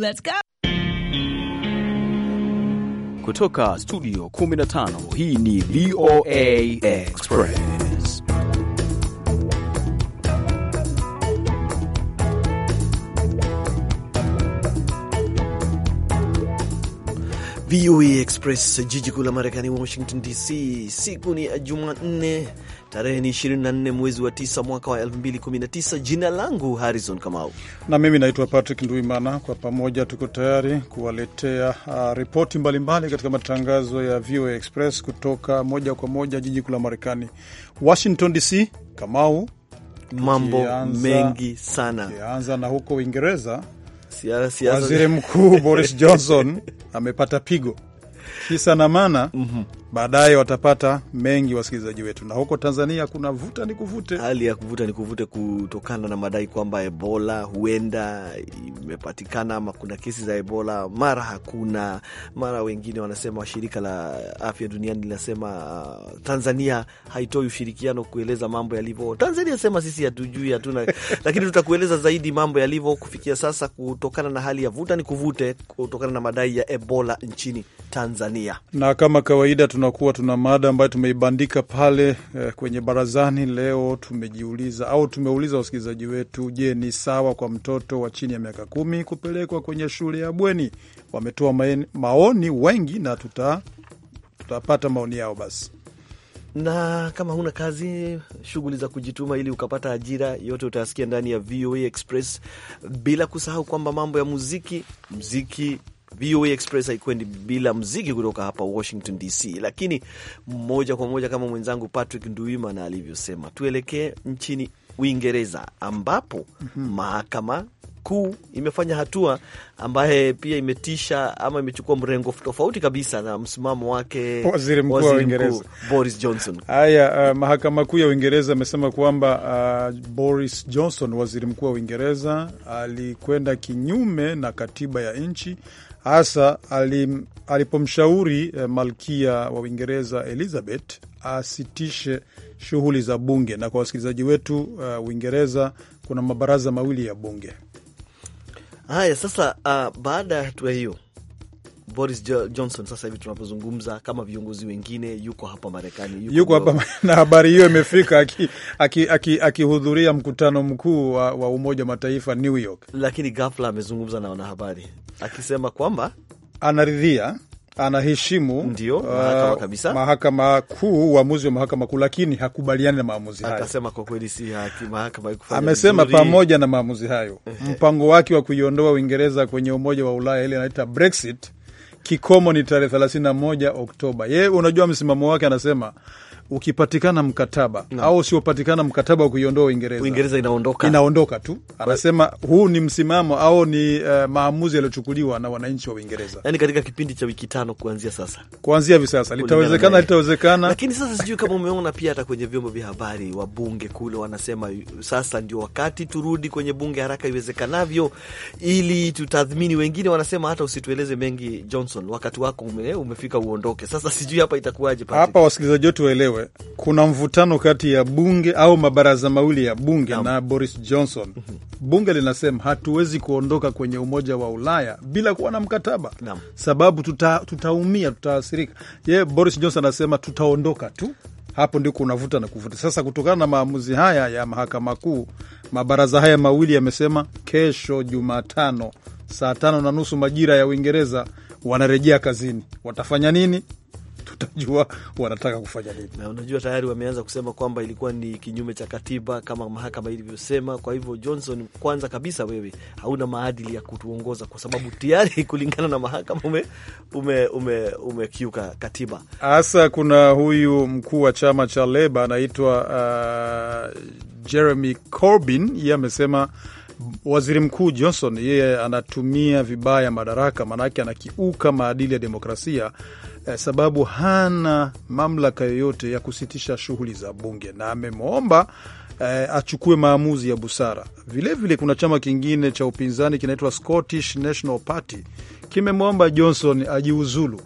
Let's go. Kutoka studio 15 hii ni VOA Express. VOA Express, jiji kuu la Marekani, Washington DC. Siku ni Jumanne, tarehe ni 24 mwezi wa 9 mwaka wa 2019. Jina langu Harrison Kamau na mimi naitwa Patrick Nduimana. Kwa pamoja tuko tayari kuwaletea uh, ripoti mbalimbali katika matangazo ya VOA Express kutoka moja kwa moja jiji kuu la Marekani, Washington DC. Kamau, mambo mengi sana, tukianza na huko Uingereza Waziri Mkuu Boris Johnson amepata pigo, kisa na maana mm -hmm baadaye watapata mengi wasikilizaji wetu. Na huko Tanzania kuna vuta ni kuvute, hali ya kuvuta ni kuvute kutokana na madai kwamba Ebola huenda imepatikana ama kuna kesi za Ebola, mara hakuna, mara wengine wanasema, shirika la afya duniani linasema uh, Tanzania haitoi ushirikiano kueleza mambo yalivyo. Tanzania sema sisi hatujui, hatuna lakini tutakueleza zaidi mambo yalivyo kufikia sasa, kutokana na hali ya vuta ni kuvute kutokana na madai ya Ebola nchini Tanzania. Na kama kawaida tunakuwa tuna mada ambayo tumeibandika pale eh, kwenye barazani. Leo tumejiuliza au tumeuliza wasikilizaji wetu, je, ni sawa kwa mtoto wa chini ya miaka kumi kupelekwa kwenye shule ya bweni? Wametoa maoni wengi na tuta, tutapata maoni yao basi na kama huna kazi, shughuli za kujituma ili ukapata ajira, yote utayasikia ndani ya VOA Express, bila kusahau kwamba mambo ya muziki, muziki VOA Express haikwendi bila mziki kutoka hapa Washington DC. Lakini moja kwa moja kama mwenzangu Patrick Nduimana alivyosema, tuelekee nchini Uingereza ambapo mm -hmm. mahakama kuu imefanya hatua ambaye pia imetisha ama imechukua mrengo tofauti kabisa na msimamo wake waziri mkuu wa Uingereza Boris Johnson. Haya, uh, mahakama kuu ya Uingereza amesema kwamba uh, Boris Johnson, waziri mkuu wa Uingereza, alikwenda kinyume na katiba ya nchi hasa alipomshauri eh, malkia wa Uingereza Elizabeth asitishe shughuli za bunge. Na kwa wasikilizaji wetu uh, Uingereza kuna mabaraza mawili ya bunge. Haya sasa, uh, baada ya hatua hiyo Boris Johnson sasa hivi tunapozungumza, kama viongozi wengine, yuko hapa Marekani, yuko, yuko hapa na habari hiyo imefika akihudhuria mkutano mkuu wa, wa Umoja Mataifa New York, lakini ghafla amezungumza na wanahabari akisema kwamba anaridhia anaheshimu ndio uh, mahakama uh, mahakama kuu, uamuzi wa mahakama kuu, lakini hakubaliani na maamuzi hayo. Akasema kwa kweli si haki, mahakama Amesema pamoja na maamuzi hayo mpango wake wa kuiondoa Uingereza kwenye Umoja wa Ulaya, ile anaita Brexit, kikomo ni tarehe 31 Oktoba. ye unajua msimamo wake, anasema ukipatikana mkataba no. au usiopatikana mkataba wa kuiondoa Uingereza, Uingereza inaondoka, inaondoka tu. Anasema huu ni msimamo au ni uh, maamuzi yaliyochukuliwa na wananchi wa Uingereza, yani katika kipindi cha wiki tano kuanzia sasa, kuanzia hivi sasa litawezekana, litawezekana. Lakini sasa sijui kama umeona pia hata kwenye vyombo vya habari wa bunge kule wanasema sasa ndio wakati turudi kwenye bunge haraka iwezekanavyo ili tutathmini. Wengine wanasema hata usitueleze mengi Johnson, wakati wako ume, umefika uondoke. Sasa sijui hapa itakuwaje. Hapa wasikilizaji wetu waelewe wewe. kuna mvutano kati ya bunge au mabaraza mawili ya bunge na, na Boris Johnson. Bunge linasema hatuwezi kuondoka kwenye Umoja wa Ulaya bila kuwa na mkataba na, sababu tutaumia, tuta tutaathirika. Yeye Boris Johnson anasema tutaondoka tu hapo ndio kunavuta na kuvuta. Sasa, kutokana na maamuzi haya ya mahakama kuu, mabaraza haya mawili yamesema kesho Jumatano saa tano na nusu majira ya Uingereza wanarejea kazini. Watafanya nini? utajua wanataka kufanya nini. Na unajua tayari wameanza kusema kwamba ilikuwa ni kinyume cha katiba kama mahakama ilivyosema. Kwa hivyo, Johnson, kwanza kabisa, wewe hauna maadili ya kutuongoza kwa sababu tayari kulingana na mahakama umekiuka ume, ume, katiba. Hasa kuna huyu mkuu wa chama cha Leba anaitwa uh, Jeremy Corbyn, yeye amesema Waziri Mkuu Johnson yeye anatumia vibaya madaraka, maanake anakiuka maadili ya demokrasia eh, sababu hana mamlaka yoyote ya kusitisha shughuli za bunge na amemwomba eh, achukue maamuzi ya busara. Vilevile vile kuna chama kingine cha upinzani kinaitwa Scottish National Party kimemwomba Johnson ajiuzulu,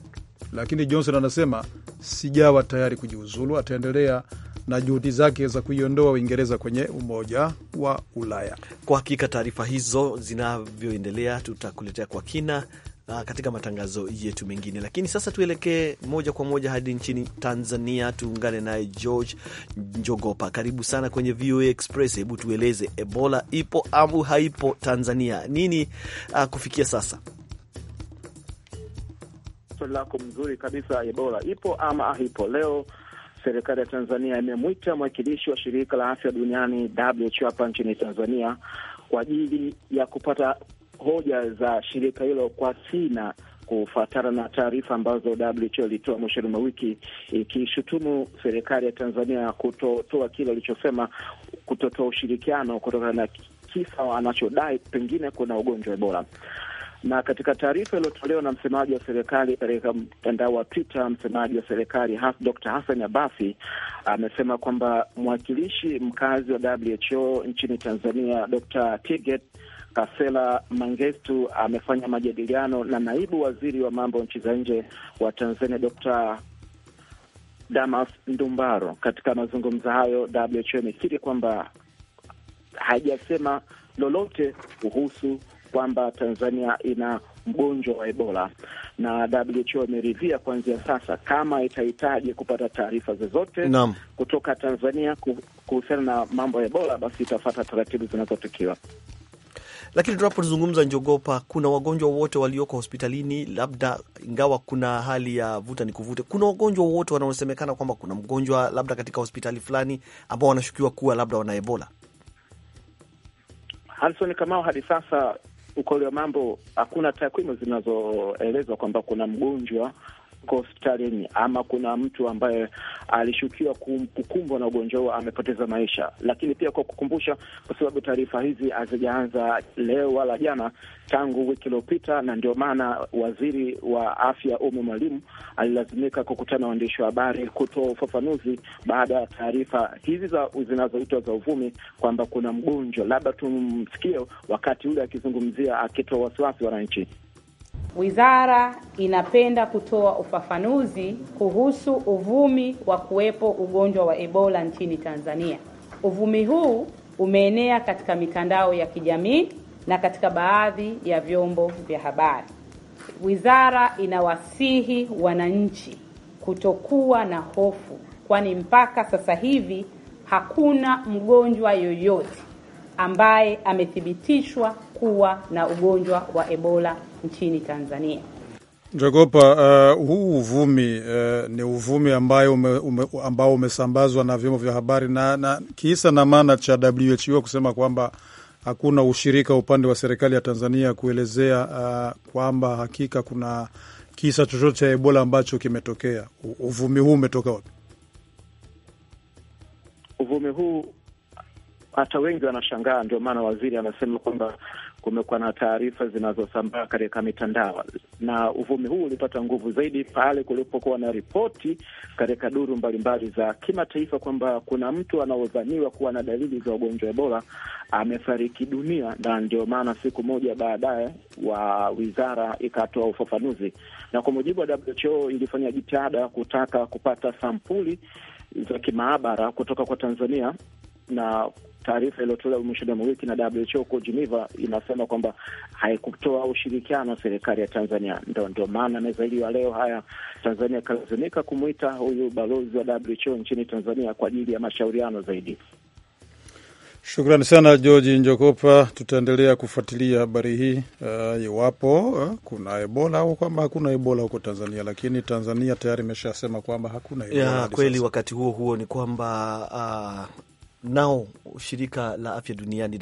lakini Johnson anasema sijawa tayari kujiuzulu, ataendelea na juhudi zake za kuiondoa Uingereza kwenye Umoja wa Ulaya. Kwa hakika taarifa hizo zinavyoendelea tutakuletea kwa kina Ah, katika matangazo yetu mengine. Lakini sasa tuelekee moja kwa moja hadi nchini Tanzania, tuungane naye George Njogopa. Karibu sana kwenye VOA Express. Hebu tueleze, Ebola ipo au haipo Tanzania? Nini uh, kufikia sasa? Swali lako mzuri kabisa. Ebola ipo ama haipo? Leo serikali ya Tanzania imemwita mwakilishi wa shirika la afya duniani WHO hapa nchini Tanzania kwa ajili ya kupata hoja za shirika hilo kwa kina kufuatana na taarifa ambazo WHO ilitoa mwishoni mwa wiki ikishutumu serikali ya Tanzania kutotoa kile alichosema kutotoa ushirikiano kutokana na kisa anachodai pengine kuna ugonjwa wa Ebola. Na katika taarifa iliyotolewa na msemaji wa serikali katika mtandao wa Twitter, msemaji wa serikali Dr. Hassan Abafi amesema kwamba mwakilishi mkazi wa WHO nchini Tanzania Dr. Tiget Kasela Mangestu amefanya majadiliano na naibu waziri wa mambo nchi za nje wa Tanzania Dr. Damas Ndumbaro. Katika mazungumzo hayo, WHO imekiri kwamba haijasema lolote kuhusu kwamba Tanzania ina mgonjwa wa Ebola na WHO imeridhia kuanzia sasa kama itahitaji kupata taarifa zozote kutoka Tanzania kuhusiana na mambo ya Ebola, basi itafata taratibu zinazotakiwa. Lakini tunapozungumza njogopa, kuna wagonjwa wote walioko hospitalini, labda ingawa kuna hali ya vuta ni kuvute, kuna wagonjwa wote wanaosemekana kwamba kuna mgonjwa labda katika hospitali fulani ambao wanashukiwa kuwa labda wana Ebola? Harison Kamao, hadi sasa ukoli wa mambo hakuna takwimu zinazoelezwa kwamba kuna mgonjwa yuko hospitalini ama kuna mtu ambaye alishukiwa kukumbwa na ugonjwa huo amepoteza maisha. Lakini pia kwa kukumbusha, kwa sababu taarifa hizi hazijaanza leo wala jana, tangu wiki iliyopita, na ndio maana waziri wa afya Ummy Mwalimu alilazimika kukutana waandishi wa habari kutoa ufafanuzi baada ya taarifa hizi zinazoitwa za uvumi kwamba kuna mgonjwa, labda tumsikie wakati ule akizungumzia, akitoa wasiwasi wananchi wizara inapenda kutoa ufafanuzi kuhusu uvumi wa kuwepo ugonjwa wa Ebola nchini Tanzania. Uvumi huu umeenea katika mitandao ya kijamii na katika baadhi ya vyombo vya habari. Wizara inawasihi wananchi kutokuwa na hofu, kwani mpaka sasa hivi hakuna mgonjwa yoyote ambaye amethibitishwa kuwa na ugonjwa wa Ebola nchini Tanzania. Jogopa, uh, huu uvumi uh, ni uvumi ambayo ume, ume, ambao umesambazwa na vyombo vya habari na, na kisa na maana cha WHO kusema kwamba hakuna ushirika upande wa serikali ya Tanzania kuelezea uh, kwamba hakika kuna kisa chochote cha Ebola ambacho kimetokea. Uvumi huu umetoka wapi? Uvumi huu hata wengi wanashangaa, ndio maana waziri anasema kwamba kumekuwa na taarifa zinazosambaa katika mitandao, na uvumi huu ulipata nguvu zaidi pale kulipokuwa na ripoti katika duru mbalimbali za kimataifa kwamba kuna mtu anaodhaniwa kuwa na dalili za ugonjwa Ebola amefariki dunia, na ndio maana siku moja baadaye wa wizara ikatoa ufafanuzi, na kwa mujibu wa WHO ilifanya jitihada kutaka kupata sampuli za kimaabara kutoka kwa Tanzania na taarifa iliyotolewa mwishoni wa wiki na WHO huko Geneva inasema kwamba haikutoa ushirikiano serikali ya Tanzania. Ndo ndio maana meza hiyo leo haya Tanzania ikalazimika kumwita huyu balozi wa WHO nchini Tanzania kwa ajili ya mashauriano zaidi. Shukrani sana Georgi Njokopa, tutaendelea kufuatilia habari hii uh, iwapo uh, uh, kuna ebola au kwamba hakuna ebola huko Tanzania, lakini Tanzania tayari imeshasema kwamba hakuna ebola ya kweli. Wakati huo huo ni kwamba uh, Nao shirika la afya duniani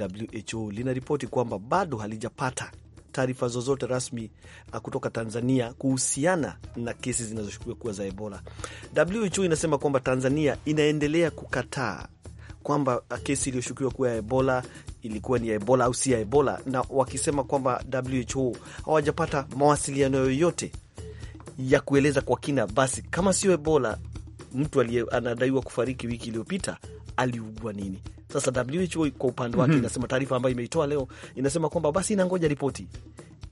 WHO linaripoti kwamba bado halijapata taarifa zozote rasmi ah, kutoka Tanzania kuhusiana na kesi zinazoshukiwa kuwa za Ebola. WHO inasema kwamba Tanzania inaendelea kukataa kwamba ah, kesi iliyoshukiwa kuwa ya Ebola ilikuwa ni ya Ebola au si ya Ebola, na wakisema kwamba WHO hawajapata mawasiliano yoyote ya kueleza kwa kina, basi kama sio Ebola mtu anadaiwa kufariki wiki iliyopita aliugua nini? Sasa WHO kwa upande wake mm -hmm. inasema taarifa ambayo imeitoa leo inasema kwamba basi inangoja ripoti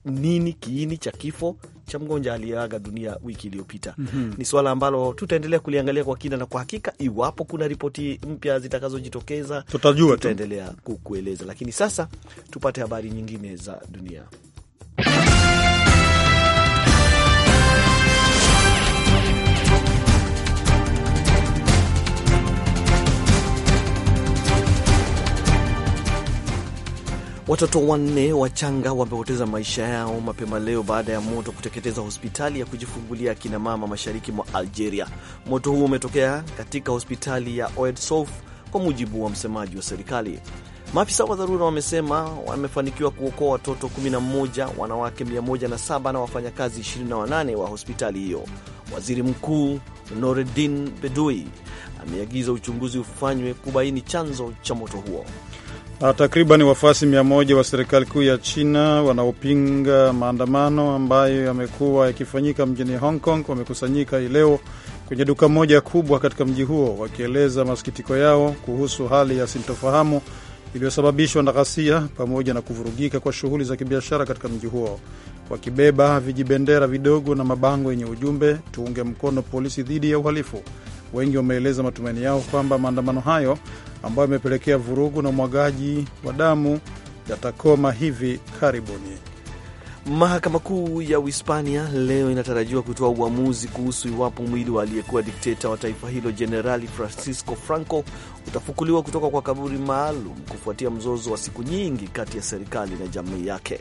nini kiini cha kifo cha mgonjwa aliyeaga dunia wiki iliyopita. mm -hmm. Ni suala ambalo tutaendelea kuliangalia kwa kina, na kwa hakika, iwapo kuna ripoti mpya zitakazojitokeza tutajua, tutaendelea kukueleza, lakini sasa tupate habari nyingine za dunia. Watoto wanne wachanga wamepoteza maisha yao mapema leo baada ya moto kuteketeza hospitali ya kujifungulia akina mama mashariki mwa Algeria. Moto huo umetokea katika hospitali ya Oued Souf, kwa mujibu wa msemaji wa serikali. Maafisa wa dharura wamesema wamefanikiwa kuokoa watoto 11, wanawake 107 na, na wafanyakazi 28 wa hospitali hiyo. Waziri Mkuu Noreddin Bedoui ameagiza uchunguzi ufanywe kubaini chanzo cha moto huo. Ah, takriban wafuasi mia moja wa serikali kuu ya China wanaopinga maandamano ambayo yamekuwa yakifanyika mjini Hong Kong wamekusanyika hii leo kwenye duka moja kubwa katika mji huo wakieleza masikitiko yao kuhusu hali ya sintofahamu iliyosababishwa na ghasia pamoja na kuvurugika kwa shughuli za kibiashara katika mji huo, wakibeba vijibendera vidogo na mabango yenye ujumbe tuunge mkono polisi dhidi ya uhalifu. Wengi wameeleza matumaini yao kwamba maandamano hayo ambayo imepelekea vurugu na umwagaji wa damu yatakoma hivi karibuni. Mahakama Kuu ya Uhispania leo inatarajiwa kutoa uamuzi kuhusu iwapo mwili wa aliyekuwa dikteta wa taifa hilo Jenerali Francisco Franco utafukuliwa kutoka kwa kaburi maalum kufuatia mzozo wa siku nyingi kati ya serikali na jamii yake.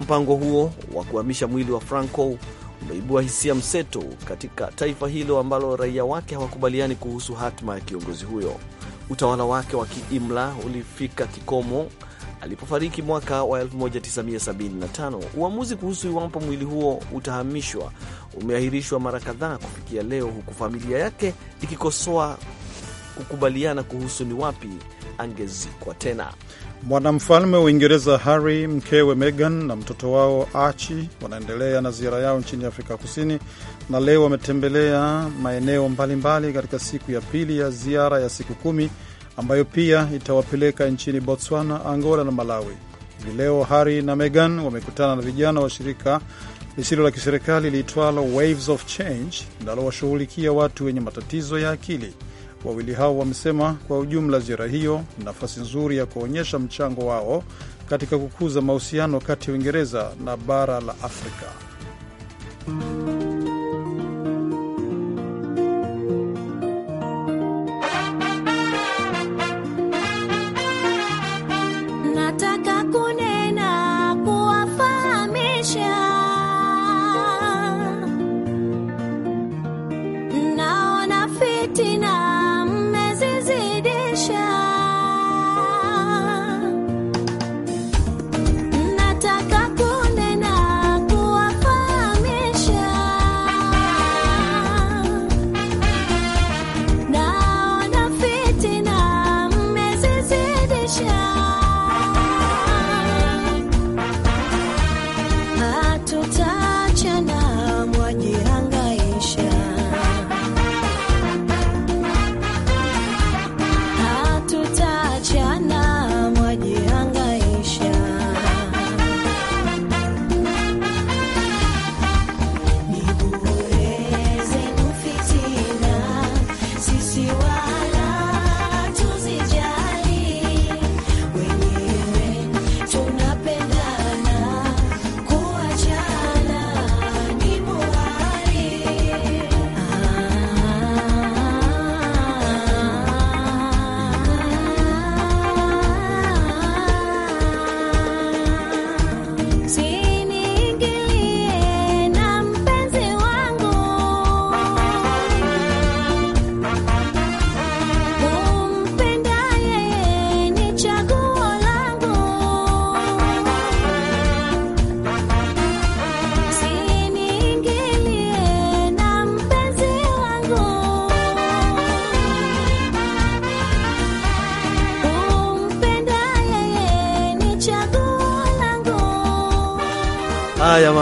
Mpango huo wa kuhamisha mwili wa Franco umeibua hisia mseto katika taifa hilo ambalo raia wake hawakubaliani kuhusu hatima ya kiongozi huyo. Utawala wake wa kiimla ulifika kikomo alipofariki mwaka wa 1975. Uamuzi kuhusu iwapo mwili huo utahamishwa umeahirishwa mara kadhaa kufikia leo, huku familia yake ikikosoa kukubaliana kuhusu ni wapi angezikwa tena. Mwanamfalme wa Uingereza Harry, mkewe Meghan na mtoto wao Archie wanaendelea na ziara yao nchini Afrika Kusini na leo wametembelea maeneo mbalimbali katika siku ya pili ya ziara ya siku kumi ambayo pia itawapeleka nchini Botswana, Angola na Malawi. Hivi leo Harry na megan wamekutana na vijana wa shirika lisilo la kiserikali liitwalo Waves of Change linalowashughulikia watu wenye matatizo ya akili. Wawili hao wamesema kwa ujumla ziara hiyo ni nafasi nzuri ya kuonyesha mchango wao katika kukuza mahusiano kati ya Uingereza na bara la Afrika.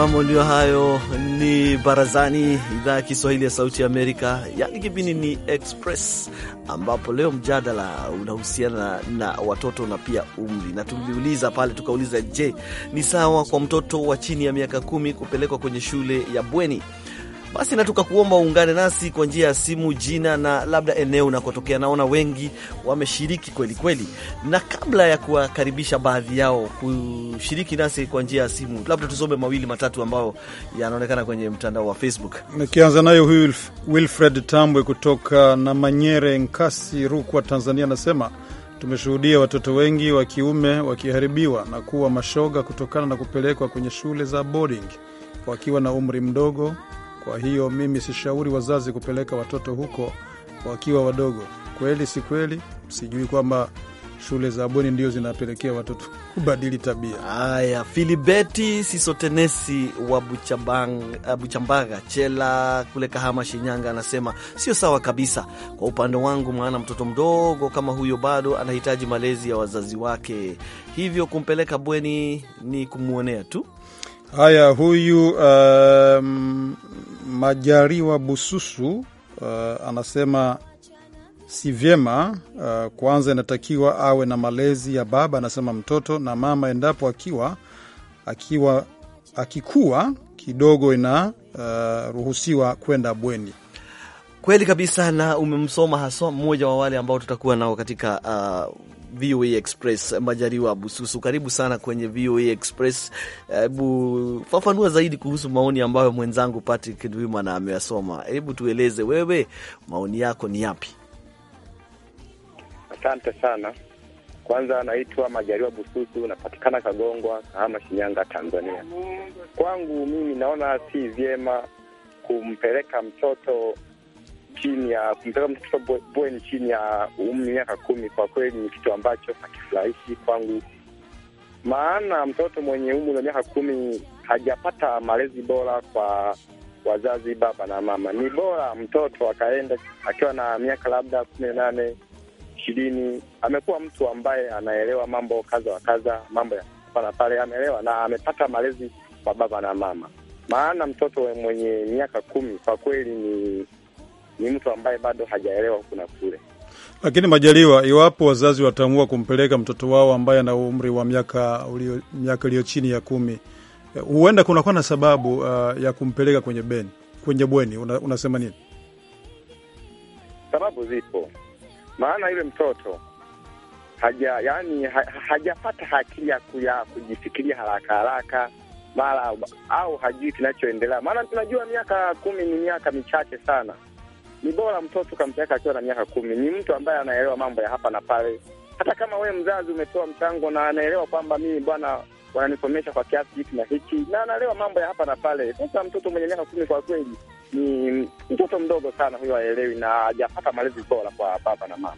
Naam, ndio hayo ni Barazani, idhaa ya Kiswahili ya Sauti ya Amerika. Yani kipindi ni Express, ambapo leo mjadala unahusiana na watoto na pia umri, na tuliuliza pale tukauliza, je, ni sawa kwa mtoto wa chini ya miaka kumi kupelekwa kwenye shule ya bweni basi na tukakuomba uungane nasi kwa njia ya simu, jina na labda eneo unakotokea. Naona wengi wameshiriki kweli kweli, na kabla ya kuwakaribisha baadhi yao kushiriki nasi kwa njia ya simu, labda tusome mawili matatu ambayo yanaonekana kwenye mtandao wa Facebook. Nikianza nayo huyu Wilfred Tambwe kutoka na Manyere, Nkasi, Rukwa, Tanzania, anasema tumeshuhudia watoto wengi wa kiume wakiharibiwa na kuwa mashoga kutokana na kupelekwa kwenye shule za boarding wakiwa na umri mdogo kwa hiyo mimi sishauri wazazi kupeleka watoto huko wakiwa wadogo. Kweli si kweli, sijui kwamba shule za bweni ndio zinapelekea watoto kubadili tabia. Haya, Filibeti Sisotenesi wa eh, Buchambaga Chela kule Kahama, Shinyanga, anasema sio sawa kabisa kwa upande wangu, maana mtoto mdogo kama huyo bado anahitaji malezi ya wazazi wake, hivyo kumpeleka bweni ni kumwonea tu. Haya, huyu uh, Majariwa Bususu uh, anasema si vyema uh, kwanza inatakiwa awe na malezi ya baba, anasema mtoto na mama, endapo akiwa akiwa akikuwa kidogo inaruhusiwa uh, kwenda bweni. Kweli kabisa, na umemsoma haswa mmoja wa wale ambao tutakuwa nao katika uh, VOA Express. Majariwa Bususu, karibu sana kwenye VOA Express. Hebu fafanua zaidi kuhusu maoni ambayo mwenzangu Patrick Dwimana ameyasoma. Hebu tueleze wewe, maoni yako ni yapi? Asante sana. Kwanza naitwa majariwa Bususu, napatikana Kagongwa, Kahama, Shinyanga, Tanzania. Kwangu mimi naona si vyema kumpeleka mtoto chini ya kumtaka mtoto bweni chini ya umri miaka kumi, kwa kweli ni kitu ambacho hakifurahishi kwangu, maana mtoto mwenye umri wa miaka kumi hajapata malezi bora kwa wazazi, baba na mama. Ni bora mtoto akaenda akiwa na miaka labda kumi na nane ishirini, amekuwa mtu ambaye anaelewa mambo kadha wa kadha, mambo ya hapa na pale, ameelewa na amepata malezi kwa baba na mama. Maana mtoto mwenye miaka kumi kwa kweli ni ni mtu ambaye bado hajaelewa huku na kule. Lakini Majaliwa, iwapo wazazi wataamua kumpeleka mtoto wao ambaye ana umri wa miaka ulio miaka iliyo chini ya kumi, eh, huenda kunakuwa na sababu uh, ya kumpeleka kwenye beni kwenye bweni. Una, unasema nini? Sababu zipo, maana yule mtoto haja yani ha, hajapata akili ya kujifikiria haraka haraka mara au hajui kinachoendelea, maana tunajua miaka kumi ni miaka michache sana ni bora mtoto ukampeleka akiwa na miaka kumi. Ni mtu ambaye anaelewa mambo ya hapa na pale, hata kama wee mzazi umetoa mchango na anaelewa kwamba mimi bwana wananisomesha kwa kiasi hiki na hiki, na anaelewa mambo ya hapa na pale. Sasa mtoto mwenye miaka kumi kwa kweli ni mtoto mdogo sana, huyo aelewi na hajapata malezi bora kwa baba na mama.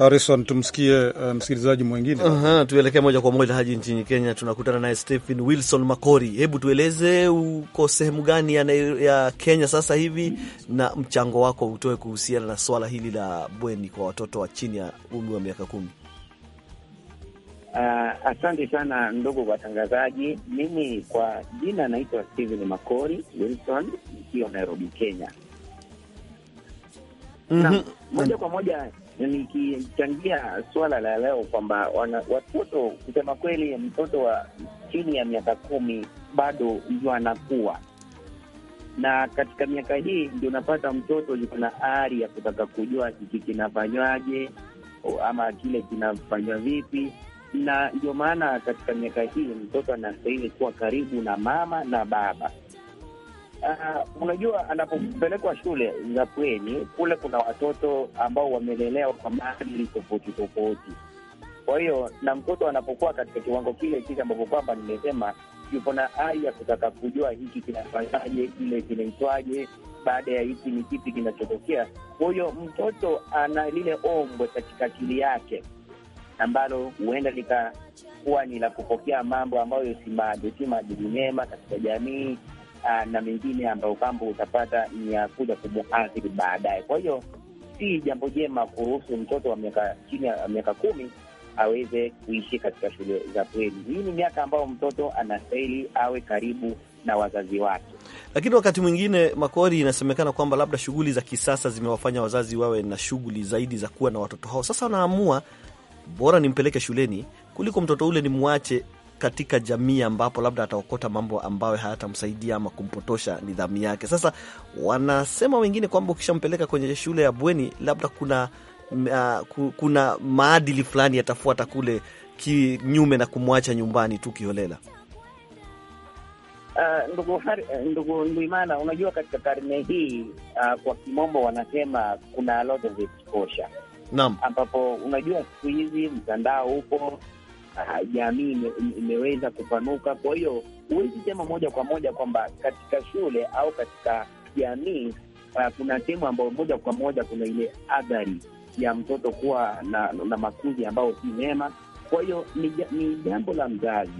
Harrison, tumsikie uh, msikilizaji mwingine. uh -huh, tuelekee moja kwa moja haji nchini Kenya, tunakutana naye Stephen Wilson Makori. Hebu tueleze uko sehemu gani ya, ya Kenya sasa hivi na mchango wako utoe kuhusiana na swala hili la bweni kwa watoto wa chini ya umri wa miaka kumi. Uh, asante sana ndugu watangazaji. Mimi kwa jina naitwa Stephen Makori Wilson, nikiwa Nairobi, Kenya. mm -hmm. na moja kwa moja nikichangia suala la leo kwamba watoto, kusema kweli, mtoto wa chini ya miaka kumi bado ndio anakuwa, na katika miaka hii ndio unapata mtoto yuko na ari ya kutaka kujua hiki kinafanywaje ama kile kinafanywa vipi, na ndio maana katika miaka hii mtoto anastahili kuwa karibu na mama na baba Uh, unajua anapopelekwa shule za bweni kule, kuna watoto ambao wamelelewa kwa maadili tofauti tofauti. Kwa hiyo na mtoto anapokuwa katika kiwango kile kile ambapo kwamba nimesema yupo na ari ya kutaka kujua hiki kinafanyaje, kile kinaitwaje, baada ya hiki ni kipi kinachotokea. Kwa hiyo mtoto ana lile ombwe katika akili yake ambalo huenda likakuwa ni la kupokea mambo ambayo si maadili mema katika jamii Ah, na mengine ambayo kwamba utapata ni ya kuja kumuathiri baadaye. Kwa hiyo si jambo jema kuruhusu mtoto wa miaka chini ya miaka kumi aweze kuishi katika shule za bweni. Hii ni miaka ambayo mtoto anastahili awe karibu na wazazi wake. Lakini wakati mwingine, Makori, inasemekana kwamba labda shughuli za kisasa zimewafanya wazazi wawe na shughuli zaidi za kuwa na watoto hao. Sasa wanaamua bora nimpeleke shuleni kuliko mtoto ule nimwache katika jamii ambapo labda ataokota mambo ambayo hayatamsaidia ama kumpotosha nidhamu yake. Sasa wanasema wengine kwamba ukishampeleka kwenye shule ya bweni, labda kuna uh, kuna maadili fulani yatafuata kule kinyume na kumwacha nyumbani tu kiholela. Uh, ndugu eh, ndugu Nduimana, unajua katika karne hii uh, kwa kimombo wanasema kuna a lot of exposure. Naam, ambapo unajua siku hizi mtandao upo Ah, jamii imeweza kupanuka. Kwa hiyo huwezi sema moja kwa moja kwamba katika shule au katika jamii uh, kuna sehemu ambayo moja kwa moja kuna ile athari ya mtoto kuwa na, na makuzi ambayo si mema. Kwa hiyo ni, ni jambo la mzazi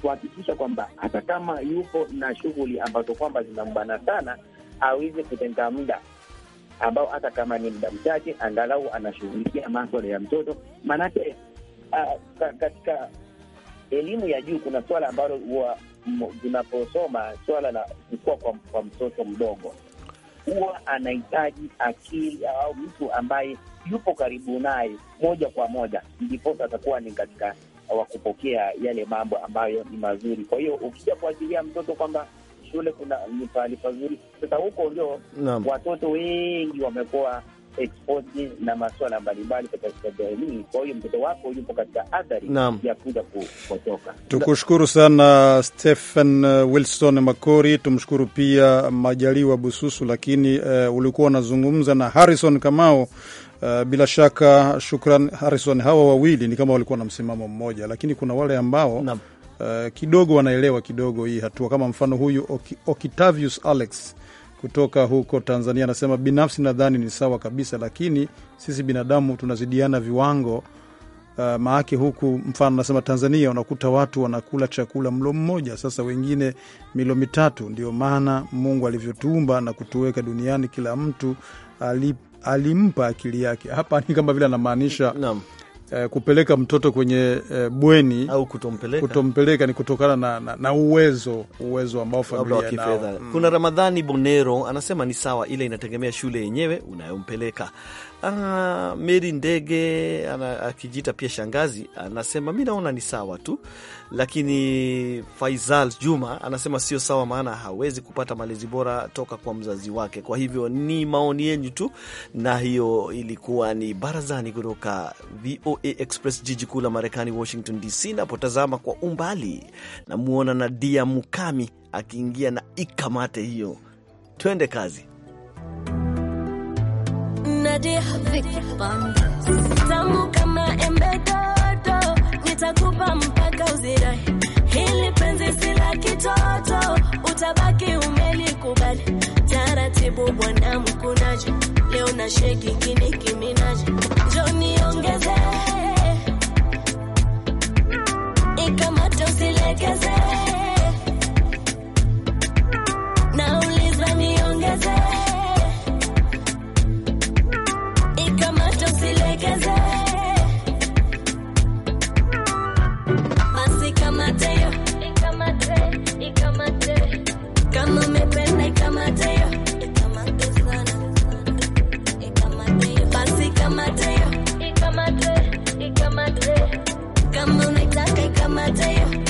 kuhakikisha kwamba hata kama yupo na shughuli ambazo kwamba zinambana sana, aweze kutenga muda ambao hata kama ni muda mchache, angalau anashughulikia maswala ya mtoto, maanake uh, katika elimu ya juu kuna swala ambalo zinaposoma swala la kukua kwa, kwa mtoto mdogo huwa anahitaji akili au mtu ambaye yupo karibu naye moja kwa moja, ndiposa atakuwa ni katika wa kupokea yale mambo ambayo ni mazuri. Kwa hiyo ukija kuajilia mtoto kwamba shule kuna ni pahali pazuri, sasa huko ndio watoto wengi wamekuwa ekspoti na masuala mbalimbali katika jamii. Kwa hiyo mtoto wako yupo katika athari ya kuja kupotoka. Tukushukuru sana Stephen uh, Wilson Makori, tumshukuru pia Majaliwa Bususu, lakini uh, ulikuwa unazungumza na Harrison Kamao. Uh, bila shaka shukran Harrison. Hawa wawili ni kama walikuwa na msimamo mmoja, lakini kuna wale ambao uh, kidogo wanaelewa kidogo hii hatua, kama mfano huyu Octavius Alex kutoka huko Tanzania anasema, binafsi nadhani ni sawa kabisa, lakini sisi binadamu tunazidiana viwango Uh, maake huku mfano nasema Tanzania unakuta watu wanakula chakula mlo mmoja, sasa wengine milo mitatu. Ndio maana Mungu alivyotuumba na kutuweka duniani, kila mtu alimpa akili yake. Hapa ni kama vile anamaanisha eh, kupeleka mtoto kwenye eh, bweni au kutompeleka, kutompeleka ni kutokana na, na, na uwezo uwezo ambao familia nao. Kuna mm. Ramadhani Bonero anasema ni sawa, ile inategemea shule yenyewe unayompeleka Ah, Meri Ndege akijiita pia shangazi anasema mi naona ni sawa tu, lakini Faisal Juma anasema sio sawa, maana hawezi kupata malezi bora toka kwa mzazi wake. Kwa hivyo ni maoni yenyu tu, na hiyo ilikuwa ni barazani kutoka VOA Express, jiji kuu la Marekani, Washington DC. Napotazama kwa umbali, namuona Nadia Mukami akiingia na ikamate hiyo, twende kazi mradi hafiki tamu kama embe dodo, nitakupa mpaka uzirai. Hili penzi si la kitoto, utabaki umelikubali. Taratibu bwana mkunaje leo na sheki kini kiminaji, njo niongeze ikamate usilegeze, nauliza niongeze my day.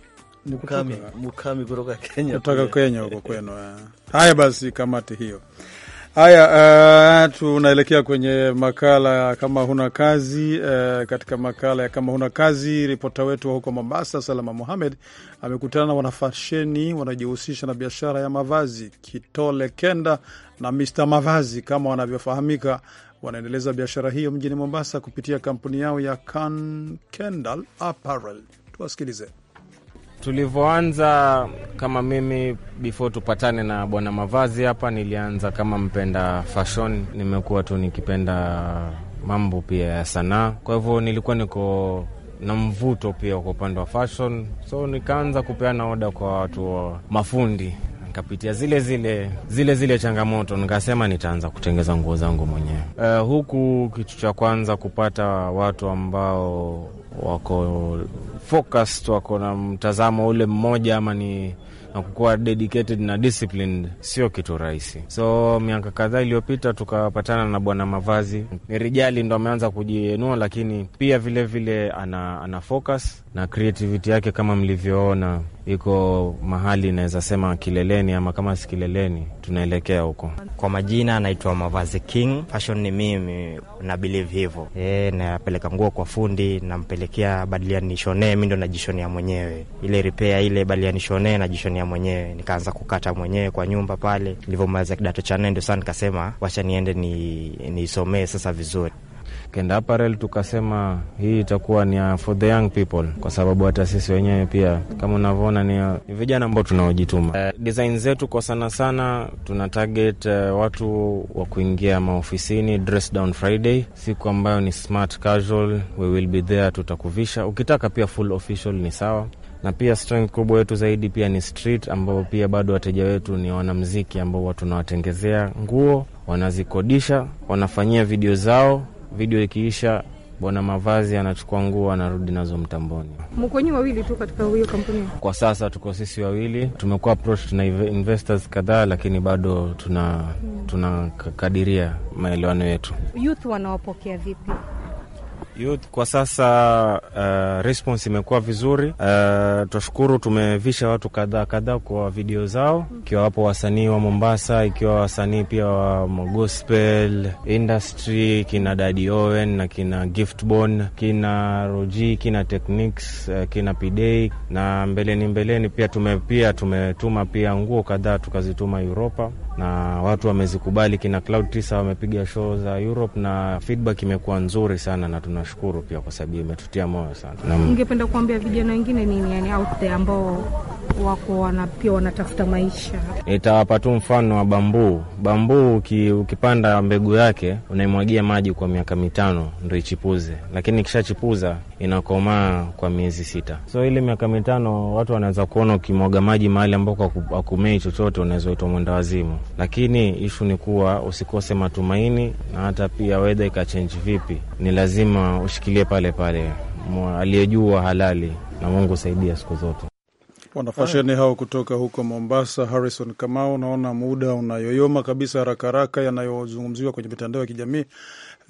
Mukami, Mukami kutoka Kenya, kutoka Kenya huko kwenu. Eh. Haya basi, kamati hiyo. Haya, uh, tunaelekea kwenye makala ya kama huna kazi. Uh, katika makala ya kama huna kazi, ripota wetu wa huko Mombasa, Salama Mohamed, amekutana na wanafasheni wanajihusisha na biashara ya mavazi Kitole Kenda na Mr Mavazi kama wanavyofahamika. Wanaendeleza biashara hiyo mjini Mombasa kupitia kampuni yao ya Kan Kendal Apparel. Tuwasikilize. Tulivyoanza kama mimi, before tupatane na bwana mavazi hapa, nilianza kama mpenda fashion, nimekuwa tu nikipenda mambo pia ya sanaa, kwa hivyo nilikuwa niko na mvuto pia kwa upande wa fashion, so nikaanza kupeana oda kwa watu wa mafundi nikapitia zile zile zile zile changamoto, nikasema nitaanza kutengeza nguo zangu mwenyewe. Uh, huku kitu cha kwanza kupata watu ambao wako focused, wako na mtazamo ule mmoja ama ni na kukuwa dedicated na disciplined sio kitu rahisi. So miaka kadhaa iliyopita tukapatana na bwana Mavazi ni Rijali, ndo ameanza kujienua, lakini pia vilevile vile ana, ana focus na creativity yake kama mlivyoona iko mahali naweza sema kileleni ama kama si kileleni, tunaelekea huko. Kwa majina naitwa Mavazi King Fashion, ni mimi na believe hivyo. E, napeleka nguo kwa fundi, nampelekea badilianishonee, mi ndo najishonea mwenyewe ile ripea ile badilianishonee, najishonea mwenyewe. Nikaanza kukata mwenyewe kwa nyumba pale. Nilivyomaliza kidato cha nne, ndio sana nikasema wacha niende nisomee ni sasa vizuri tukaenda apparel tukasema hii itakuwa ni uh, for the young people, kwa sababu hata sisi wenyewe pia kama unavyoona ni, uh, ni vijana ambao tunaojituma. Uh, design zetu kwa sana sana tuna target uh, watu wa kuingia maofisini, dress down Friday, siku ambayo ni smart casual, we will be there, tutakuvisha. Ukitaka pia full official ni sawa na pia strength kubwa yetu zaidi pia ni street, ambao pia bado wateja wetu ni wanamziki ambao tunawatengezea nguo, wanazikodisha, wanafanyia video zao video ikiisha Bwana Mavazi anachukua nguo anarudi nazo mtamboni. Mko nyinyi wawili tu katika hiyo kampuni? Kwa sasa tuko sisi wawili, tumekuwa approached na investors kadhaa, lakini bado tuna hmm, tunakadiria maelewano yetu. Youth wanawapokea vipi? Youth kwa sasa uh, response imekuwa vizuri uh, tunashukuru. Tumevisha watu kadhaa kadhaa kwa video zao, ikiwa wapo wasanii wa Mombasa, ikiwa wasanii pia wa gospel industry, kina Daddy Owen na kina giftbon kina Roji, kina Techniques, uh, kina Pidei na mbeleni mbeleni pia tume pia tumetuma pia nguo kadhaa tukazituma Europa na watu wamezikubali. Kina Cloud 9 wamepiga show za Europe na feedback imekuwa nzuri sana na tuna kushukuru pia kwa sababu imetutia moyo sana. Ningependa kuambia vijana wengine nini, yani out there ambao wako wana, pia wanatafuta maisha, nitawapa tu mfano wa bambuu. Bambuu uki, ukipanda mbegu yake unaimwagia maji kwa miaka mitano ndo ichipuze, lakini ikishachipuza inakomaa kwa miezi sita. So ile miaka mitano watu wanaweza kuona ukimwaga maji mahali ambako akumei chochote, unaweza kuitwa mwenda wazimu, lakini ishu ni kuwa usikose matumaini, na hata pia wedha ikachenji vipi, ni lazima ushikilie pale pale, aliyejua halali, na Mungu usaidia siku zote. Wanafasheni hao kutoka huko Mombasa, Harrison Kamau. Naona muda unayoyoma kabisa, haraka haraka, yanayozungumziwa kwenye mitandao ya kijamii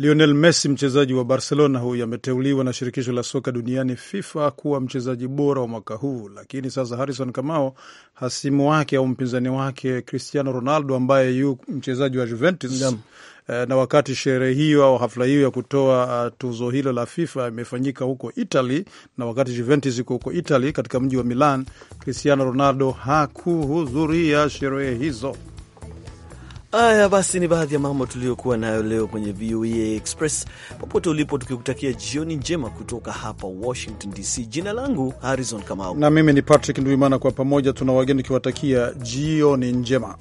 Lionel Messi, mchezaji wa Barcelona, huyu ameteuliwa na shirikisho la soka duniani FIFA kuwa mchezaji bora wa mwaka huu. Lakini sasa Harrison Kamao, hasimu wake au mpinzani wake Cristiano Ronaldo ambaye yu mchezaji wa Juventus yeah. Na wakati sherehe hiyo au hafla hiyo ya kutoa uh, tuzo hilo la FIFA imefanyika huko Italy, na wakati Juventus iko huko Italy katika mji wa Milan, Cristiano Ronaldo hakuhudhuria sherehe hizo. Haya basi, ni baadhi ya mambo tuliyokuwa nayo leo kwenye VOA e Express. Popote ulipo, tukikutakia jioni njema kutoka hapa Washington DC. Jina langu Harrison Kamau na mimi ni Patrick Nduimana, kwa pamoja tuna wageni tukiwatakia jioni njema.